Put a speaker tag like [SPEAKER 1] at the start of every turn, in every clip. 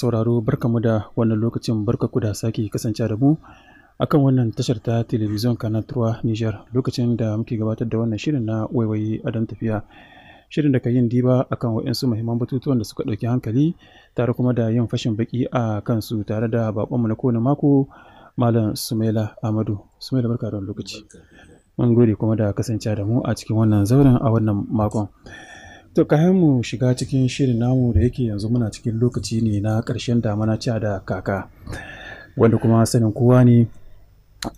[SPEAKER 1] sauraro barkamu da wannan lokacin barkaku da sake kasance da mu akan wannan tashar ta telebijin kanal 3 Niger lokacin da muke gabatar da wannan shirin na waiwaye adon tafiya shirin da ka yin diba akan waɗansu muhimman batutuwan da suka ɗauki hankali tare kuma da yin fashin baki a kansu tare da bakonmu na kowane mako Malam Sumaila Amadu Sumaila barka da lokaci mun gode kuma da kasance da mu a cikin wannan zauren a wannan makon To kayan mu shiga cikin shirin namu da yake yanzu muna cikin lokaci ne na ƙarshen damana ca da kaka wanda kuma sanin kowa ne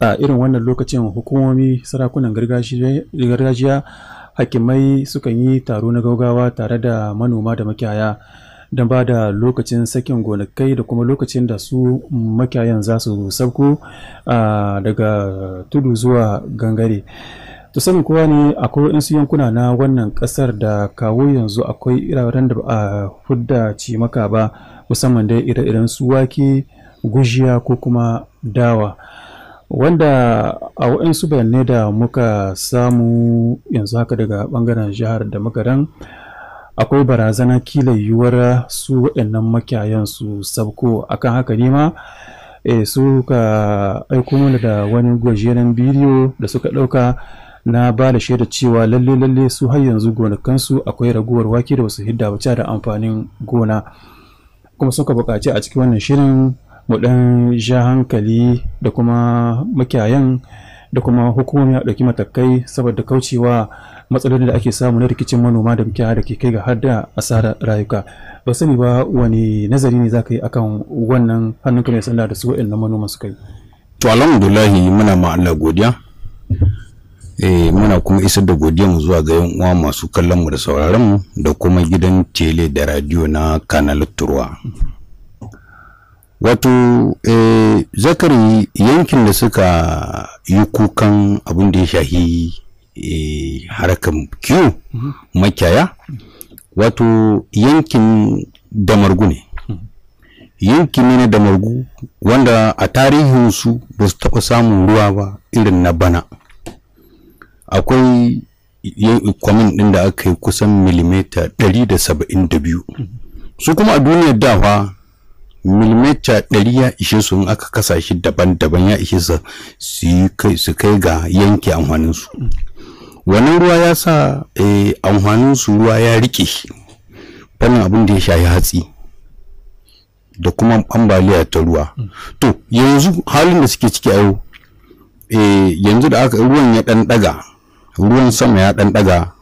[SPEAKER 1] a irin wannan lokacin hukumomi sarakunan gargajiya hakimai sukan yi taro na gaugawa tare da manoma da makiyaya don ba da lokacin sakin gonakai da kuma lokacin da su makiyayan za su sabko daga tudu zuwa gangare. ta sanin kowa ne akwai waɗansu yankuna na wannan ƙasar da kawo yanzu akwai iraren da ba a fudda ci maka ba musamman dai ire-iren su wake gujiya ko kuma dawa wanda a waɗansu bayanai da muka samu yanzu haka daga ɓangaren jihar da makaran akwai barazana kila yiwuwar su waɗannan makiyayen su sabko akan haka ne ma e, suka aiko mana da wani gajeren bidiyo da suka ɗauka na ba da shaida cewa lalle lalle su har yanzu gonakansu akwai raguwar wake da wasu hidda bace da amfanin gona kuma suka buƙaci a cikin wannan shirin mu ɗan ja hankali da kuma makiyayan da kuma hukumomi a ɗauki matakai saboda kaucewa matsalolin da ake samu na rikicin manoma da makiyaya da ke kai ga har da asara rayuka ba sani ba wani nazari ne za ka yi akan wannan hannun mai sanda da su waɗannan manoma suka yi
[SPEAKER 2] to alhamdulillahi muna ma Allah godiya eh muna kuma isar da mu zuwa ga yan uwa masu kallon mu da sauraron mu da kuma gidan tele da radio na kanal turwa wato eh zakari yankin da suka yi kukan abin da ya shahi eh harakan kiwo makiyaya wato yankin damargu ne yankin ne na damargu wanda a tarihinsu ba su taɓa samun ruwa ba irin na bana akwai kwamin ɗin da aka yi kusan milimita 172 su kuma a duniyar dafa milimita 100 ya ishe su in aka kasa shi daban-daban ya ishe su kai ga yanke amfaninsu wannan ruwa ya sa eh, amfaninsu ruwa ya rike fannin abin da ya shayi hatsi da kuma ambaliya ta ruwa to yanzu halin da suke ciki a yau eh, yanzu da aka ruwan ya ɗan ɗaga ruwan sama ya ɗanɗaga daga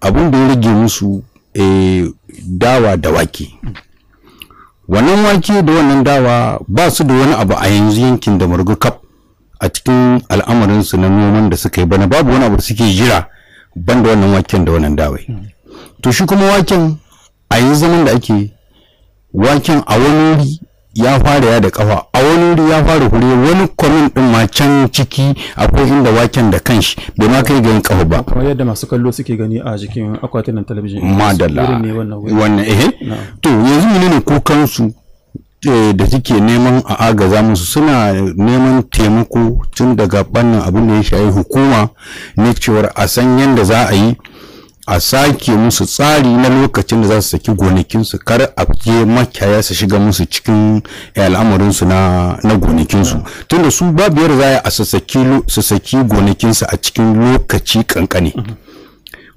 [SPEAKER 2] abin da ya rage musu eh, dawa da wake wannan wake da wannan dawa ba su da wani abu a yanzu yankin da murgu kaf a cikin al'amarinsu na noman da suka yi bana babu wani abu da suke jira ban da wannan waken da wannan dawai to shi kuma waken a yi zaman da ake waken a wani wuri ya fara ya da kafa a wani wuri ya fara hure wani kwamin din ma can ciki akwai inda waken da kanshi bai ma kai ganin kafa ba
[SPEAKER 1] kamar yadda masu kallo suke gani a jikin nan talabijin madalla wannan eh
[SPEAKER 2] to yanzu menene kukan su eh, da suke neman a agaza musu suna neman taimako tun daga bannin abin da ya shayi hukuma ne cewar a san yadda za a yi a sake musu tsari na lokacin da za su saki gonakinsu kar a je makiyaya su shiga musu cikin eh, al'amarinsu na na gonakinsu tunda su babu yadda za a su saki gonakinsu a cikin lokaci kankane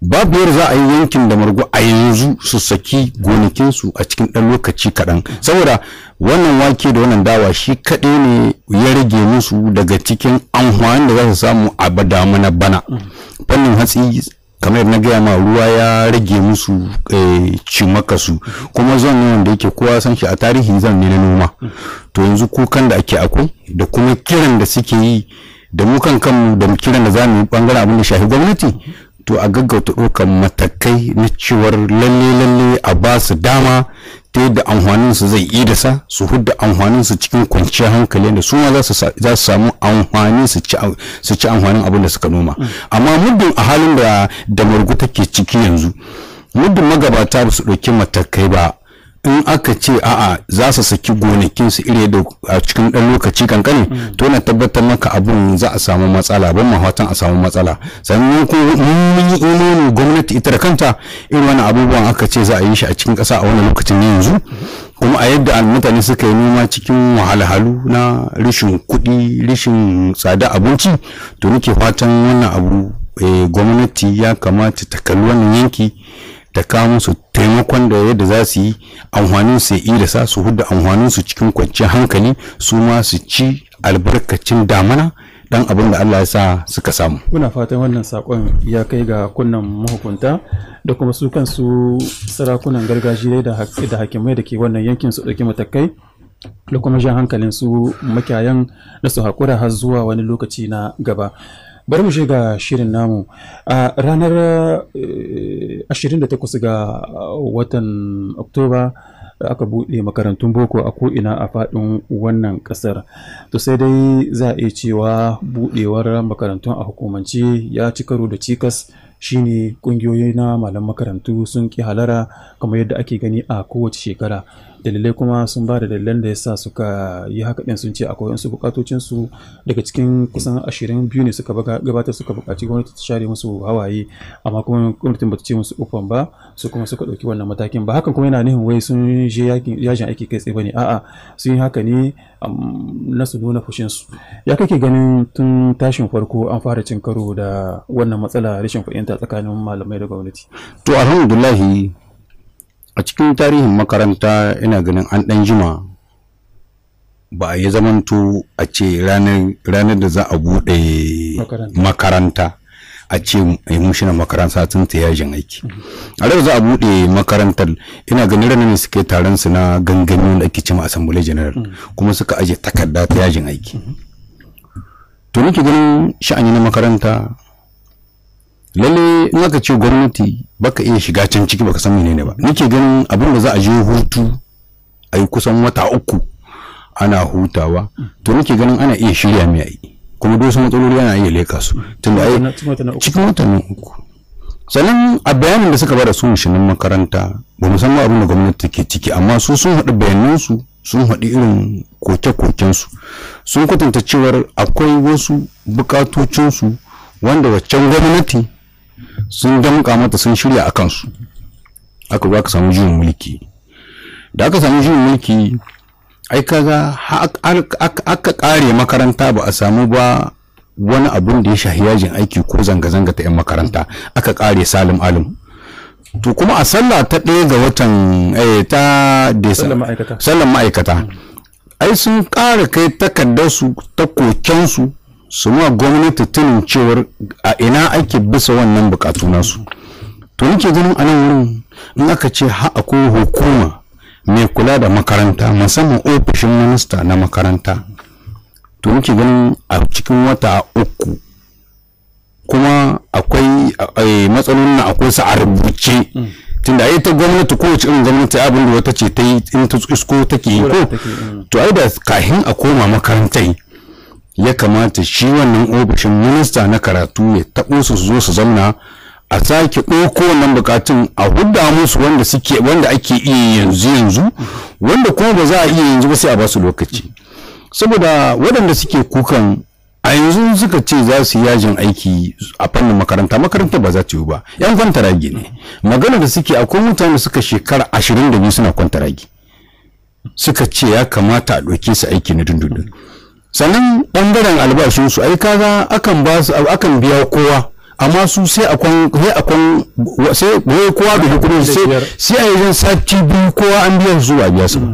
[SPEAKER 2] babu yadda za a yi yankin da margo a yanzu su saki gonakinsu a cikin ɗan lokaci kaɗan saboda wannan wake da wannan dawa shi kaɗai ne ya rage musu daga cikin amfani da za su samu a damuna bana fannin hatsi kamar na gaya ma ruwa ya rage musu eh, cimaka su kuma zan ne da yake kowa san shi a tarihi zan ne na noma to yanzu kukan da ake akwai da kuma kiran da suke yi da mu kan kanmu da kiran da zamu yi bangaren abin da shafi gwamnati to a gaggauta ɗaukar matakai na cewar lalle lalle a ba su dama ta yadda amfaninsu zai yi idasa su hudda amfaninsu cikin kwanciyar hankali da su ma za su samu amfani su ci amfanin abin da suka noma amma muddin a halin da da margu take ciki yanzu muddin magabata ba su ɗauki matakai ba in aka ce a'a za su saki gonakin su ire da a cikin dan lokaci kankani to na tabbatar maka abun za a samu matsala ban mahatan a samu matsala sannan ko mun yi imani gwamnati ita da kanta irin wani abubuwan aka ce za a yi shi a cikin ƙasa a wani lokacin ne yanzu kuma a yadda mutane suka yi noma cikin wahalhalu na rishin kuɗi rishin tsada abinci to nake fatan wannan abu eh, gwamnati ya kamata ta kalli wannan yanki ta kawo musu taimakon da yadda za su yi amfanin su yi da sa su hudda amfanin su cikin kwanciyar hankali su ma su ci albarkacin damana dan abin da Allah ya sa suka samu.
[SPEAKER 1] Muna fatan wannan sakon ya kai ga kunnan mahukunta da kuma su kansu sarakunan gargajiya da hakimai da ke wannan yankin su ɗauki matakai da kuma jan hankalin su makiyayan da su haƙura har zuwa wani lokaci na gaba. bari mu shiga shirin namu a ranar 28 eh, ga eh, watan oktoba aka buɗe makarantun boko a ko'ina a faɗin wannan ƙasar to sai dai za a iya cewa buɗewar makarantun a hukumance ya ci karo da cikas shine ƙungiyoyi na malam makarantu sun ƙi halara kamar yadda ake gani a kowace shekara dalilai kuma sun ba da dalilan da ya sa suka yi haka din sun ce akwai wasu bukatocin su daga cikin kusan ashirin biyu ne suka gabatar suka bukaci gwamnati ta share musu hawaye amma kuma gwamnatin ta ce musu ufan ba su kuma suka dauki wannan matakin ba hakan kuma yana nihin wai sun je yajin aiki kai tsaye ne a'a sun yi haka ne na su nuna fushin su ya kake ganin tun tashin farko an fara cin karo da wannan matsala rashin fahimta tsakanin malamai da gwamnati
[SPEAKER 2] to alhamdulillah a cikin tarihin makaranta ina ganin an ɗan jima ba a yi zamanto a ce ranar da za a buɗe makaranta a ce yi eh, mushina makaranta tun ta yajin aiki mhm. a yau za a buɗe makarantar ina ganin ranar da suke taron su na gangami da ake cima assembly general mhm. kuma suka aje takarda ta yajin aiki mhm. to nake ganin sha'ani na makaranta lalle in aka ce gwamnati baka iya shiga can ciki baka san menene ba nake ganin abin da za a je hutu a yi kusan wata uku ana hutawa to nake ganin ana iya shirya mai ai kuma duk matsaloli ana iya leka su tunda
[SPEAKER 1] ai
[SPEAKER 2] cikin watan uku sannan a bayanin da suka bada su shinin makaranta ba mu san abin da gwamnati take ciki amma su sun haɗu bayanansu sun haɗu irin koke su sun kwatanta cewar akwai wasu bukatocinsu wanda waccan gwamnati sun damƙa mata sun shirya a kansu aka zo ka samu juyin mulki da aka samu juyin mulki ai kaga aka kare makaranta ba a samu ba wani abun da ya shahi yajin aiki ko zanga-zanga ta 'yan makaranta aka kare salim alim to kuma a sallah ta ɗaya ga watan eh, ta sallar ma'aikata ai sun kare kai takardar su ta kokensu su ma gwamnati tunin cewar a ina ake bisa wannan bukatu nasu to nake ganin a nan wurin in aka ce ha akwai hukuma mai kula da makaranta musamman ofishin minista na makaranta to nake ganin a cikin wata uku kuma akwai eh, matsalolin na akwai su a rubuce tunda yi ta gwamnati ko irin gwamnati abin da wata ce ta yi in ta isko take yi ko mm. to ai da kahin a koma makarantai ya kamata shi wannan ofishin minista na karatu ya taɓo su zo su zamna a sake ɗauko wannan bukatun a hudda musu wanda suke wanda ake iya yanzu yanzu wanda kuma ba za a iya yanzu ba sai a ba su lokaci saboda waɗanda suke kukan a yanzu suka ce za su yajin aiki a fannin makaranta makaranta ba za ta yi ba yan kwantaragi ne magana da suke akwai mutane suka shekara ashirin da biyu suna kwantaragi suka ce ya kamata a ɗauke su aiki na dundundun sannan ɓangaren albashinsu ai kaga akan ba su akan biya kowa amma su sai akwai sai akwai sai wai kowa da hukumar sai sai a yanzu sati biyu kowa an biya su ba biya su ba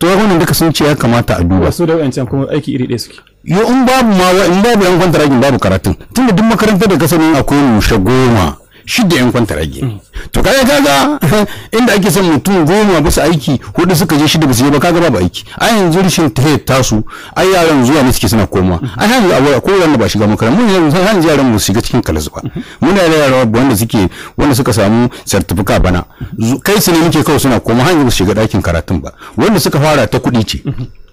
[SPEAKER 2] to wannan duka sun ce ya kamata a duba su da wancan kuma aiki iri ɗaya suke yo in babu ma in babu yan kwantar kwantarakin babu karatun tunda duk makarantar da kasarin akwai mushe goma shidda yan kwanta rage to kaga kaga inda ake son mutum goma ba su aiki hudu suka je shida ba su yi ba kaga babu aiki a yanzu rashin tahiyar tasu ai yaran zuwa ne suke suna koma a yanzu abuwa ko wanda ba shiga makaranta mun yanzu har yaran mu shiga cikin kalas ba mun da yara wanda suke wanda suka samu certificate bana kai su ne muke kawai suna koma har su shiga dakin karatun ba wanda suka fara ta kuɗi ce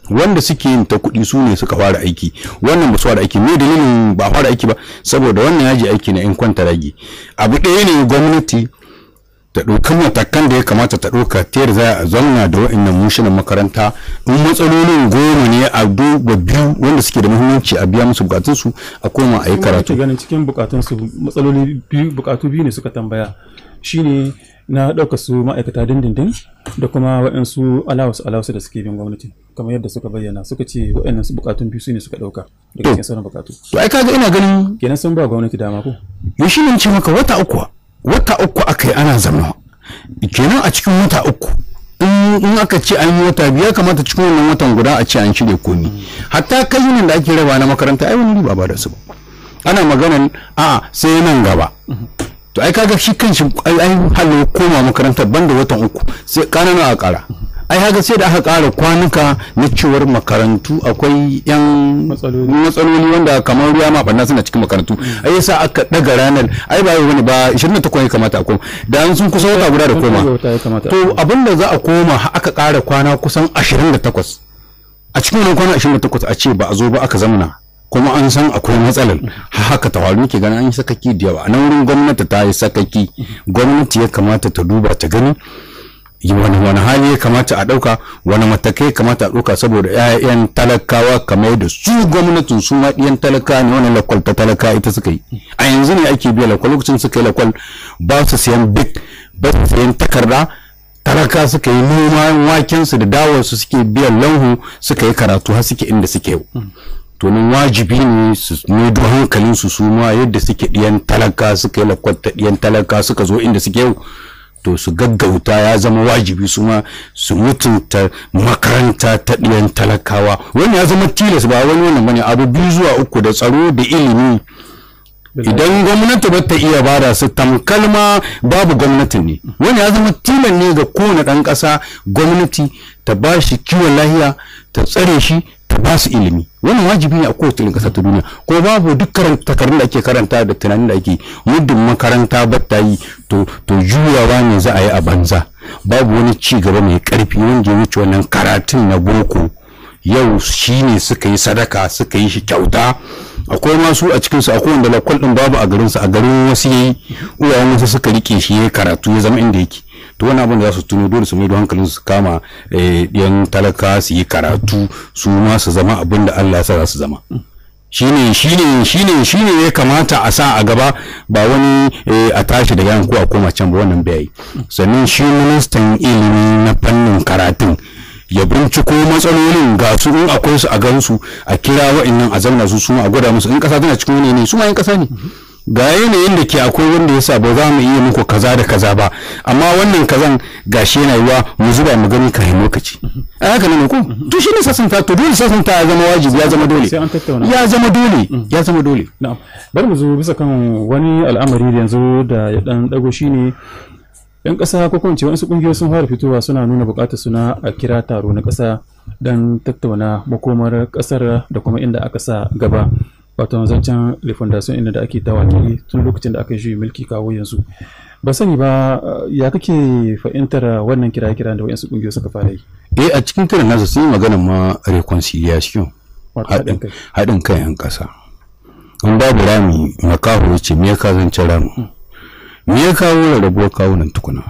[SPEAKER 2] wanda suke yin ta kuɗi su ne suka fara aiki wannan ba su fara aiki ne dalilin ba fara aiki ba saboda wannan yaji aiki na in kwanta ragi abu ɗaya ne gwamnati ta ɗauki matakan da ya kamata ta ɗauka ta yadda za a zauna da wa'annan mushinan makaranta in matsalolin goma ne a duba biyu wanda suke da muhimmanci a biya musu bukatunsu a koma a yi karatu
[SPEAKER 1] ganin cikin bukatunsu matsaloli biyu bukatu biyu ne suka tambaya shine na ɗauka su ma'aikata dindindin da kuma waɗansu alawasu alawasu da suke bin gwamnati kamar yadda suka bayyana suka ce waɗannan su bukatun biyu su ne suka ɗauka daga cikin sauran bukatu. to ai kaga ina ganin kenan sun ba gwamnati dama ko. yau shi ce maka wata uku wata uku aka
[SPEAKER 2] yi ana zama kenan a cikin wata uku in aka ce an yi wata biyar kamata cikin wannan watan guda a ce an shirya komi hatta kayyunan da ake raba na makaranta ai wani riba ba da su ana maganan a sai nan gaba mhm. to ai kaga shi kanshi ai ai halu koma makaranta banda watan uku sai kanana a kara ai haka sai da aka kara kwanuka na cewar makarantu akwai yan matsaloli wanda kamar ruwa ma banna suna cikin makarantu ai yasa aka daga ranar ai ba wani ba 28 ya kamata a koma da an sun kusa wata guda da koma to abin da za a koma aka kara kwana kusan 28 a cikin wannan kwana 28 a ce ba a zo ba aka zamna kuma an san akwai matsalar haka ta tawaru ke ganin an yi sakaki da yawa a nan wurin gwamnati ta yi sakaki gwamnati ya kamata ta duba ta gani wani wani hali ya kamata a ɗauka wani matakai kamata a ɗauka saboda 'ya'yan talakawa kamar da su gwamnatin su ma ɗiyan talaka ne wani lakwal ta talaka ita suka yi a yanzu ne ake biya lakwal lokacin suka yi lakwal ba su siyan duk ba su siyan takarda talaka suka yi noma wakensu da dawarsu suke biyan lanhu suka yi karatu har suke inda suke yau to nan wajibi ne su maido hankalin su su ma yadda suke ɗiyan talaka suka yi lakwata ɗiyan talaka suka zo inda suke yau to su gaggauta ya zama wajibi su ma su mutunta makaranta ta ɗiyan talakawa wani ya zama tilas ba wani wannan bane abu biyu zuwa uku da tsaro da ilimi idan gwamnati ba ta iya bada su tamkalma babu gwamnati ne wani ya zama tilan ne ga kowane ɗan ƙasa gwamnati ta ba shi kiwon lahiya ta tsare shi ta ba su ilimi wannan wajibi ne a kowace irin ƙasa ta duniya ko babu duk takardun da ake karanta da tunanin da ake muddin makaranta ba ta yi to juyawa ne za a yi a banza babu wani ci gaba mai ƙarfi wani ya wuce wannan karatun na boko yau shi ne suka yi sadaka suka yi shi kyauta akwai masu a cikinsu akwai wanda lakwal ɗin babu a garin su a garin wasu yayi uwayen wasu suka rike shi ya karatu ya zama inda yake to wani abin da za su tuno dole su mai hankalin su kama eh, yan talaka su yi karatu su ma su zama abin da Allah ya sa su zama shine shine shine shine ya kamata a sa a gaba ba wani eh, a tashi da yan ko a koma can ba wannan bai sannan shi ministan ilimi na fannin karatun ya binciko matsalolin ga su in akwai su a gansu a kira wa'annan a zauna su su a gwada musu in kasa tana cikin wani ne su ma kasa ne ga yanayin da ke akwai wanda yasa ba za mu iya muku kaza da kaza ba amma wannan kazan gashi yana yiwa mu zuba mu gani kai lokaci a haka ne ko mm-hmm. to shi ne ta to dole ta ya zama wajibi ya zama dole ya zama dole mm-hmm. ya zama
[SPEAKER 1] dole na'am bari mu zo bisa kan wani al'amari da yanzu da ya dan dago shine yan kasa ko kuma wasu kungiyoyi sun fara fitowa suna nuna bukatar suna a kira taro na kasa dan tattauna makomar kasar da kuma inda aka sa gaba wato zancen le fondation inda da ake tawaki tun lokacin da aka yi mulki kawo yanzu ba sani ba ya kake fahimtar wannan kira kira da wayansu kungiyoyi suka fara yi
[SPEAKER 2] eh a cikin kiran nasu sun yi magana ma reconciliation haɗin kan yan ƙasa in babu rami makaho ya ce me ka kazance rami hmm. me ya kawo rabuwar kawunan tukuna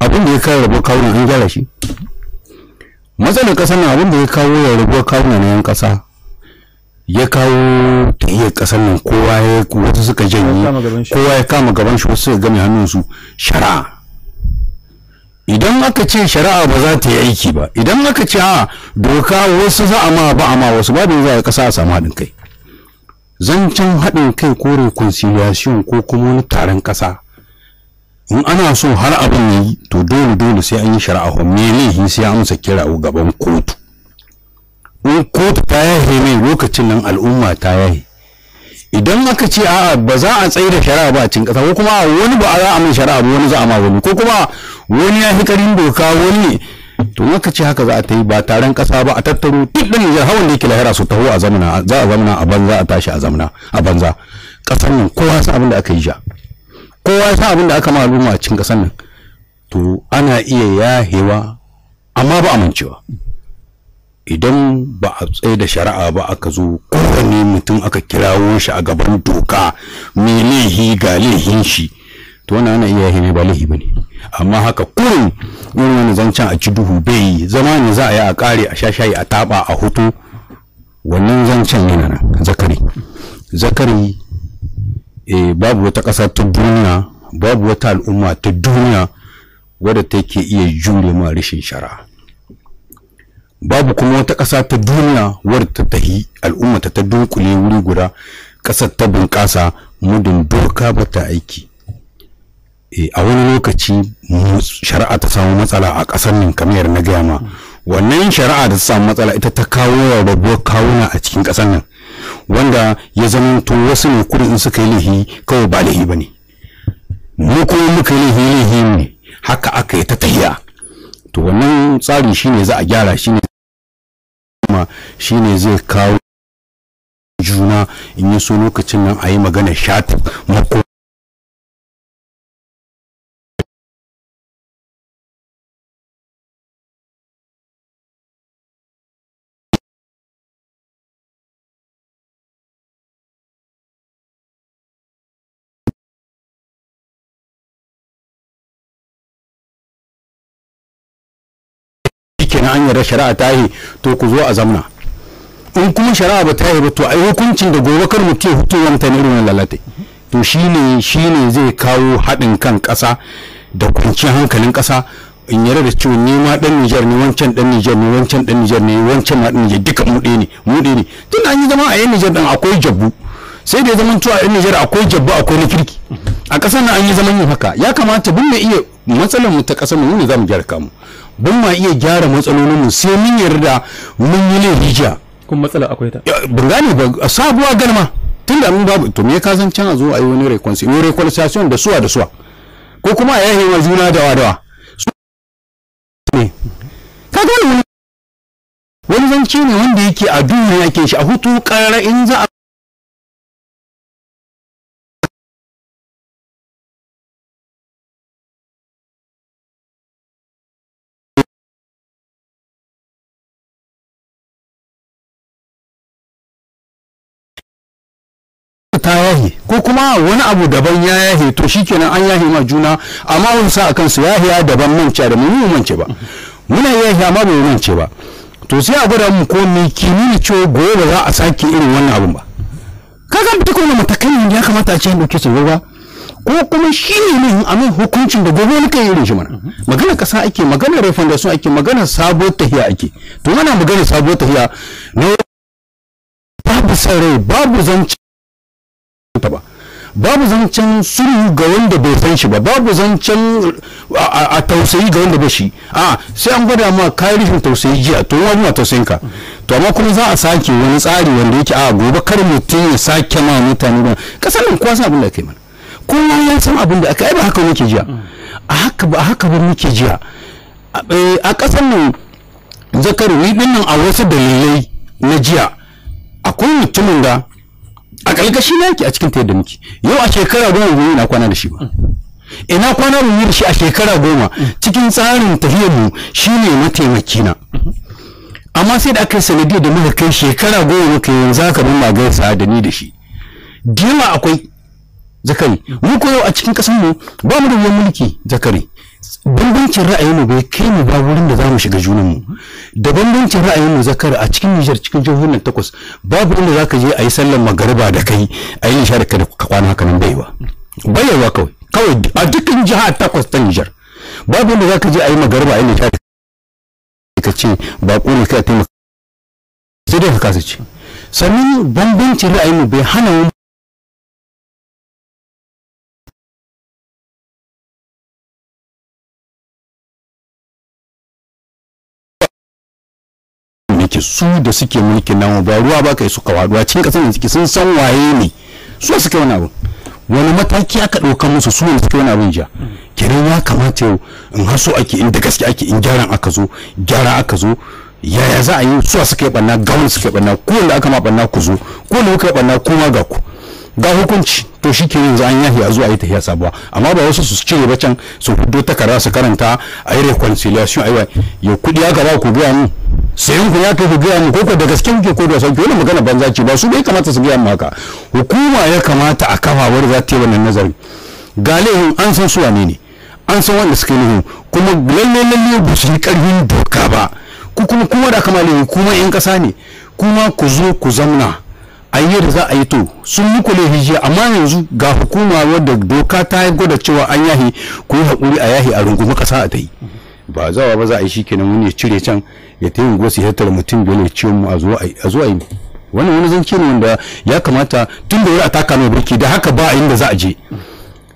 [SPEAKER 2] abin da ya kawo rabuwar kawunan an gyara shi matsalar ƙasa na abin da ya kawo rabuwar kawo na yan ƙasa ya kawo ta iya kasar nan kowa ya suka janye kowa ya kama gaban shi wasu ya game hannunsu shari'a idan aka ce shari'a ba za ta yi aiki ba idan aka ce a doka wasu za a ma ba a ma wasu babu za a kasa a samu haɗin kai zancen haɗin kai ko reconciliation ko kuma wani taron kasa in ana so har abin yi to dole dole sai an yi shari'a ne laifi sai amsa kira gaban kotu in kotu ta yahe mai lokacin nan al'umma ta yahe idan aka ce a'a ba za a tsaye da shari'a ba a cin kasa ko kuma wani ba za a mai shari'a ba wani za a ma wani ko kuma wani ya fi karin doka wani to aka ce haka za a ta yi ba taron kasa ba a tattaro duk da Nijar hawan da yake lahira su taho a zamana za a zamana a banza a tashi a zamana a banza kasar nan kowa sa abin da aka yi ja kowa sa abin da aka ma al'umma a cin kasar nan to ana iya yahewa amma ba amincewa idan ba a tsaye da shari'a ba aka zo kowane mutum aka kirawo shi a gaban doka mai laihi ga laihin shi to wannan ana iya ne ba laihi bane amma haka kurin irin wani zancen a ci duhu bai yi zama ne za a yi a kare a shashayi a taba a hoto wannan zancen yana nan zakari zakari e, babu wata ƙasa ta duniya babu wata al'umma ta duniya wadda take iya jure ma rashin shari'a babu kuma wata ƙasa ta duniya wadda ta tahi al'umma ta dunkule wuri guda ƙasar ta bunƙasa mudun doka ba ta aiki eh, a wani lokaci shari'a ta samu matsala a ƙasar nan kamar na gaya ma wannan shari'a da ta samu matsala ita ta kawo rabuwar kawuna a cikin ƙasar nan wanda ya zama to wasu ne kudin in suka yi laifi kawai ba laifi ba ne mu kuma muka yi laifi ne haka aka yi ta tahiya to wannan tsari shine za a
[SPEAKER 3] gyara shine al'umma shine zai kawo juna in yi so lokacin nan a yi magana shata mako idan an yarda
[SPEAKER 2] shari'a ta yi to ku zo a zamna in kuma shari'a ba ta yi ba to a hukuncin da gobe kar mutum ya fito wani tani irin lalata to shine shine zai kawo haɗin kan ƙasa da kwanciyar hankalin ƙasa in yarda da cewa ni ma dan Nijar ne wancan dan Nijar ne wancan dan Nijar ne wancan ma dan Nijar duka mu ne mu ne tun an yi zama a yan Nijar dan akwai jabbu sai da ya zama cewa yan Nijar akwai jabbu akwai na kirki a ƙasar nan an yi zaman yin haka ya kamata bin da iya matsalar mu ta ƙasar mu ne za mu gyara kamu ban ma iya gyara matsalolin mu sai mun yarda mun yi rijiya kun matsala akwai ta ban gane ba sabuwa galma tun da mun babu to me ka san can a zo a yi wani reconciliation reconciliation da suwa da suwa ko kuma a yahe wa juna da wadawa ne ka gane
[SPEAKER 3] wani zanci ne wanda yake a duniya yake shi a hutu karara in za a
[SPEAKER 2] ta yahi ko kuma wani abu daban ya yahi to shikenan an yahi ma juna amma wani sa akan su yahiya daban mance da mu mance ba muna yahi amma ba mu mance ba to sai a gwada mu ko me kimini ce gobe za a sake irin wannan abun ba kaga mutu ko na matakan ya kamata a ce an dauke su ba ko kuma shi ne ne a hukuncin da gobe wani kai irin shi mana magana kasa ake magana rufin da su ake magana sabo tahiya ake to muna magana sabo tahiya na babu sarai babu zance ta ba babu zancen sulhu ga wanda bai san shi ba babu zancen a tausayi ga wanda ba shi a sai an gwada ma kayan rufin tausayi jiya to wani na tausayin ka to amma kuma za a sake wani tsari wanda yake a gobe kar mutum ya sake ma mutane ba kasar nan kowa san abin da kai mana kowa ya san abin da aka yi ba haka muke jiya a haka ba haka ba muke jiya a eh, kasar nan zakari dinnan a wasu dalilai na jiya akwai mutumin da a ƙalƙashin yaki a cikin ta yadda muke yau a shekara goma gobe na kwana da shi ba ina kwana da shi a shekara goma cikin tsarin tafiyar mu shine mataimaki na amma sai da aka yi sanadiyar da muka kai shekara goma muka yanzu aka bin sa da ni da shi dima akwai zakari mu ko yau a cikin ƙasar mu ba mu da mulki zakari bambancin mu bai kai mu ba wurin da za mu shiga junanmu da bambancin mu zakar a cikin nijar cikin jihohin takwas babu inda za ka je a yi sallar magariba da kai a yi da ka kwana haka nan baiwa baiwa kawai kawai a dukkan jiha takwas ta nijar babu inda za ka je a yi magariba a yi ka ce
[SPEAKER 3] ba ne kai taimaka sai dai ka kasa ce sannan bambancin mu bai hana
[SPEAKER 2] su da suke mulkin namu ba ruwa ba kai suka waduwa cikin kasar da suke sun san waye ne su suke wani abu wani mataki aka ɗauka musu su ne suke wani abin ja kenan ya kamata yau in haso ake inda da gaske ake in gyaran aka zo gyara aka zo yaya za a yi su suka yi banna gawun suka yi banna ko wanda aka ma banna ku zo ko wanda kuka yi banna kuma ga ku ga hukunci to shi ke yanzu an yahi zuwa yi tafiya sabuwa amma ba wasu su cire ba can su hudo kara su karanta a yi reconciliation a ya kudi aka ba ku biya mu sayan ku ya kai ku biya mu ko da gaske kuke ko da sauki wani magana banza ce ba su bai kamata su biya mu haka hukuma ya kamata a kafa wani za ta yi wannan nazari galihun an san su wane ne an san wanda suka yi kuma lalle lalle ba su yi karfin doka ba ku kuma kuma da kamar kuma yan kasa ne kuma ku zo ku zamna an yi da za a yi to sun muku laifi jiya amma yanzu ga hukuma wadda doka ta yi gwada cewa an yahi ku yi haƙuri a yahi a rungumi kasa a ta yi ba a ba za a yi shikenan wani ya cire can ya ta yi gosi ya tattara mutum biyu ya ciwon mu a zuwa yi wannan wani zance ne wanda ya kamata tun da wuri a taka mai birki da haka ba a da za a je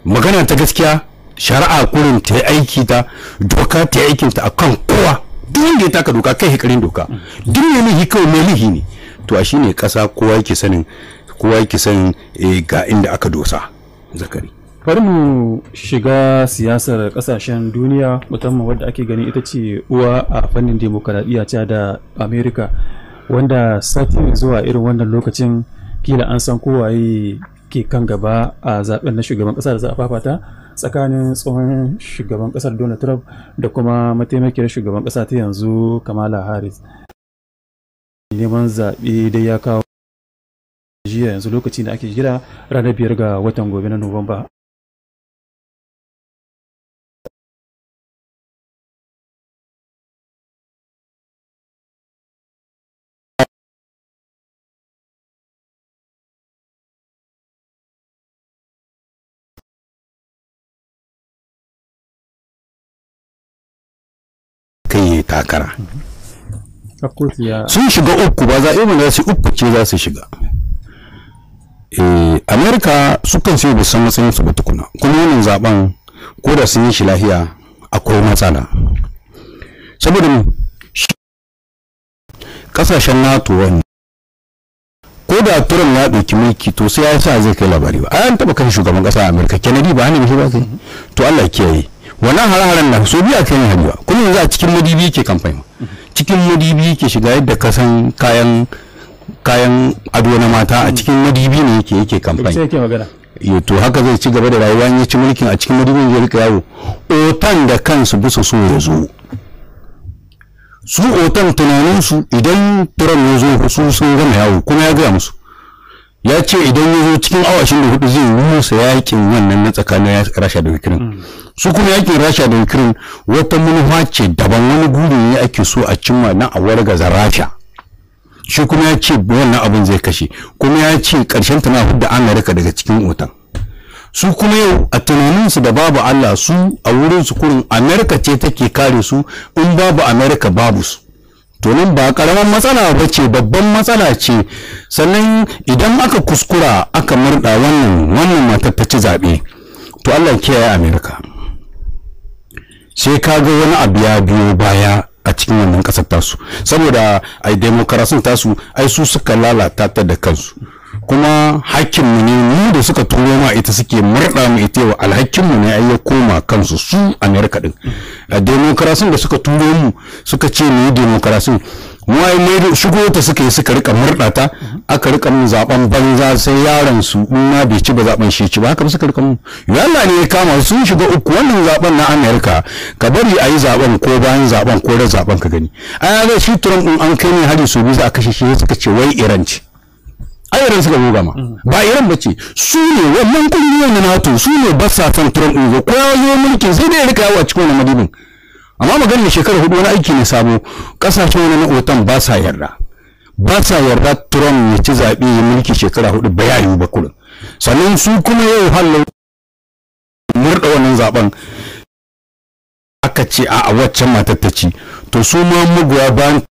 [SPEAKER 2] magana ta gaskiya shari'a kurin ta yi aiki ta doka ta yi aikinta kan kowa duk wanda ya taka doka kai hikarin doka duk wani kawai mai lihi ne to a shine kasa kowa yake sanin kowa yake sanin eh, ga inda aka dosa zakari
[SPEAKER 1] bari mu shiga siyasar kasashen duniya musamman wadda ake gani ita ce uwa a fannin demokaradiyya ta da america wanda sati zuwa irin wannan lokacin kila an san kowaye ke kan gaba a zaben na shugaban kasa da za a fafata tsakanin tsohon shugaban kasar donald trump da kuma mataimakiyar shugaban kasa ta yanzu kamala harris neman zaɓe dai ya kawo jiya yanzu
[SPEAKER 3] lokaci da ake jira ranar biyar ga watan gobe na nuwamba kai takara mhm.
[SPEAKER 2] sun shiga uku ba zaɓe mu za su uku ce za su shiga eh america sukan sai ba matsayin su ba tukuna kuma wannan zaben ko da sun yi shi lahiya akwai matsala saboda kasashen nato wani ko da turan ya ɗauki mulki to sai ya sa zai kai labari ba an taɓa kan shugaban ƙasa a amurka kennedy ba hannun ba sai to allah kiyaye wannan hare-haren da so biya kan hajiya kuma yanzu a cikin madibi ke kamfani cikin madibi yake shiga yadda ka san kayan kayan ado na mata a cikin madibi ne yake yake kamfani yake magana to haka zai ci gaba da rayuwa ya ci mulkin a cikin madibi ya rika yawo otan da kansu bisa so ya zo su otan tunaninsu idan turan ya zo su sun gama yawo kuma ya gaya musu ya ce idan ya zo cikin awa 24 zai musa yakin wannan na tsakanin rasha da ukraine hmm. su kuma yakin rasha da ukraine wata manufa ce daban wani guri ne ake so a cimma na a za rasha shi kuma ya ce wannan abin zai kashe kuma ya ce karshen tana hudda amurka daga cikin otan su kuma yau a tunaninsu da babu allah su a wurin su kurin amurka ce take kare su in babu amurka babu su to nan ba karamin matsala ba ce babban matsala ce sannan idan aka kuskura aka murda wannan wannan matar ta ci zaɓe to allah kiyaye amurka sai ka ga wani abu ya biyo baya a cikin wannan kasar tasu saboda ai demokarasin tasu ai su suka lalata ta da kansu kuma hakkinmu ne mu da suka turo ma ita suke murɗa mu ita wa mu ne ai ya koma kansu su amerika din a demokarasin da suka turo mu suka ce mu yi demokarasin wai mai shigo ta suka suka rika murɗa ta aka rika mun zaben banza sai yaron su in ma bai ci ba zaben shi ci ba haka suka rika mun yalla ne ya kama sun shiga uku wannan zaben na America ka bari a yi zaben ko bayan zaben ko da zaben ka gani a ga shi Trump din an kai ne hari su biyu aka shi suka ce wai Iran ce ai Iran suka goga ma mm. ba Iran ba ce su ne wannan kungiyar na NATO su ne ba sa son Trump ko ya zo mulki sai dai ya rika yawa cikin wannan madibin amma da shekara hudu wani aiki ne sabo kasashen wani na'otan ba sa yarda ba sa yarda trump ya ci zaɓe ya mulki shekara hudu ba yayu ba kurin sannan su kuma yau hallo murɗa wannan zaben
[SPEAKER 3] aka ce a waccan matattaci to su ma magoya bayan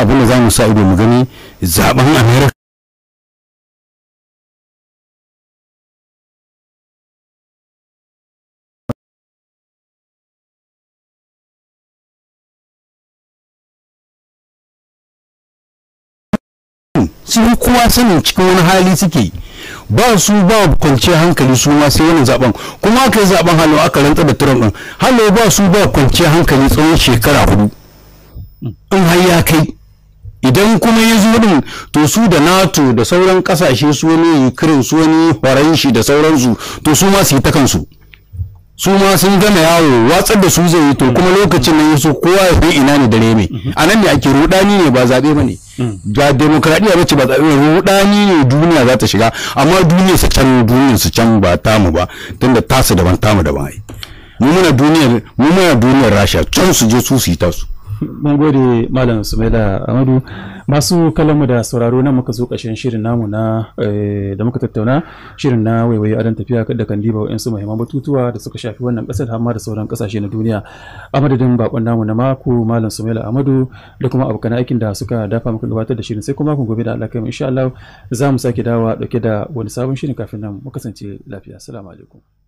[SPEAKER 3] abin da za mu sa ido mu gani zaben america
[SPEAKER 2] sun kowa sanin cikin wani hali suke ba su ba kwanciyar hankali su ma sai wani zaben kuma aka yi zaben halo aka rantsa da turan din halo ba su ba kwanciyar hankali tsawon shekara hudu in har ya kai idan kuma ya zo din to su da nato da sauran kasashe su wani ukraine su wani faranshi da sauransu to su ma su yi ta kansu su ma sun gama yawo watsar da su zai yi to kuma lokacin nan yaso kowa ya fi ina ne dare mai a nan ne ake rudani ne ba zaɓe ba ne ba demokradiyya ba ce ba zaɓe rudani ne duniya za ta shiga amma duniya su can duniya su can ba tamu ba tunda tasu daban tamu daban ai mu muna duniyar mu muna duniyar rasha can su je su su yi tasu
[SPEAKER 1] mun gode malam sumaila amadu masu kalamu da sauraro na muka zo ƙarshen shirin namu na eh, da muka tattauna shirin na waiwaye adon tafiya da kan diba wa'insu mahimman batutuwa da suka shafi wannan ƙasar har da sauran ƙasashe na duniya a madadin bakon namu na mako malam sumaila amadu da kuma abokan aikin da suka dafa muka gabatar da shirin sai kuma kun gobe da alaƙa insha Allah za mu sake dawa dauke da wani sabon shirin kafin nan mu kasance lafiya assalamu alaikum